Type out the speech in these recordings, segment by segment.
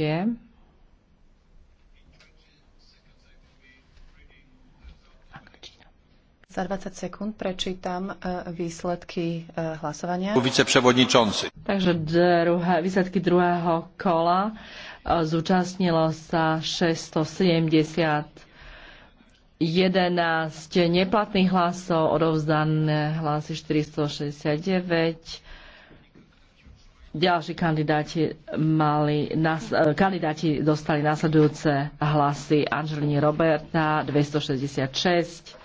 ešte Za 20 sekúnd prečítam e, výsledky e, hlasovania. Takže druhá, výsledky druhého kola e, zúčastnilo sa 670 11 neplatných hlasov, odovzdané hlasy 469, ďalší kandidáti, mali, nas, e, kandidáti dostali nasledujúce hlasy Angelini Roberta 266,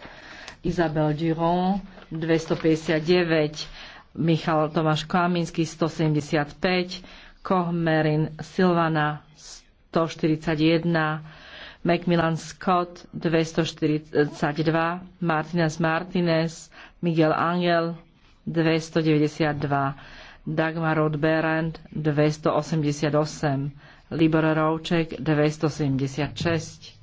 Isabel Durand 259, Michal Tomáš Kaminsky 175, Kohmerin Silvana 141, Macmillan Scott 242, Martinez Martinez, Miguel Angel 292 Dagmar Berend 288, Libor Rovček 276,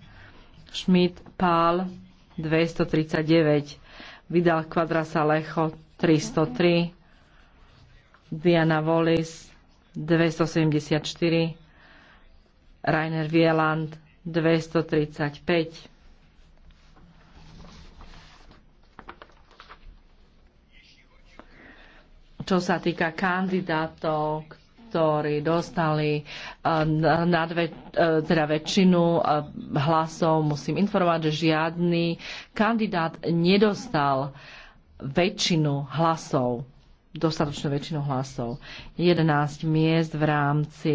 Schmidt Pál 239, Vidal Quadrasa Lecho 303, Diana Wallis 274, Rainer Wieland 235. čo sa týka kandidátov, ktorí dostali eh, na dve, eh, teda väčšinu eh, hlasov, musím informovať, že žiadny kandidát nedostal väčšinu hlasov dostatočnú väčšinu hlasov. 11 miest v rámci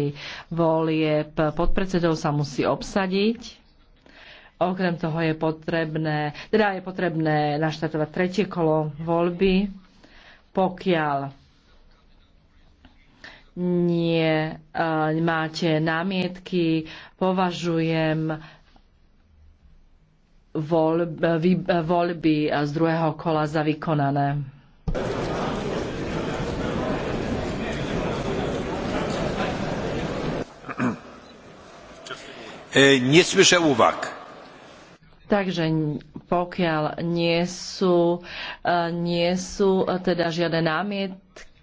volieb podpredsedov sa musí obsadiť. Okrem toho je potrebné, teda je potrebné naštartovať tretie kolo voľby pokiaľ nie eh, máte námietky, považujem voľby, eh, eh, voľby z druhého kola za vykonané. Nie słyszę uwag. Takže pokiaľ nie sú, e, nie sú e, teda žiadne námietky,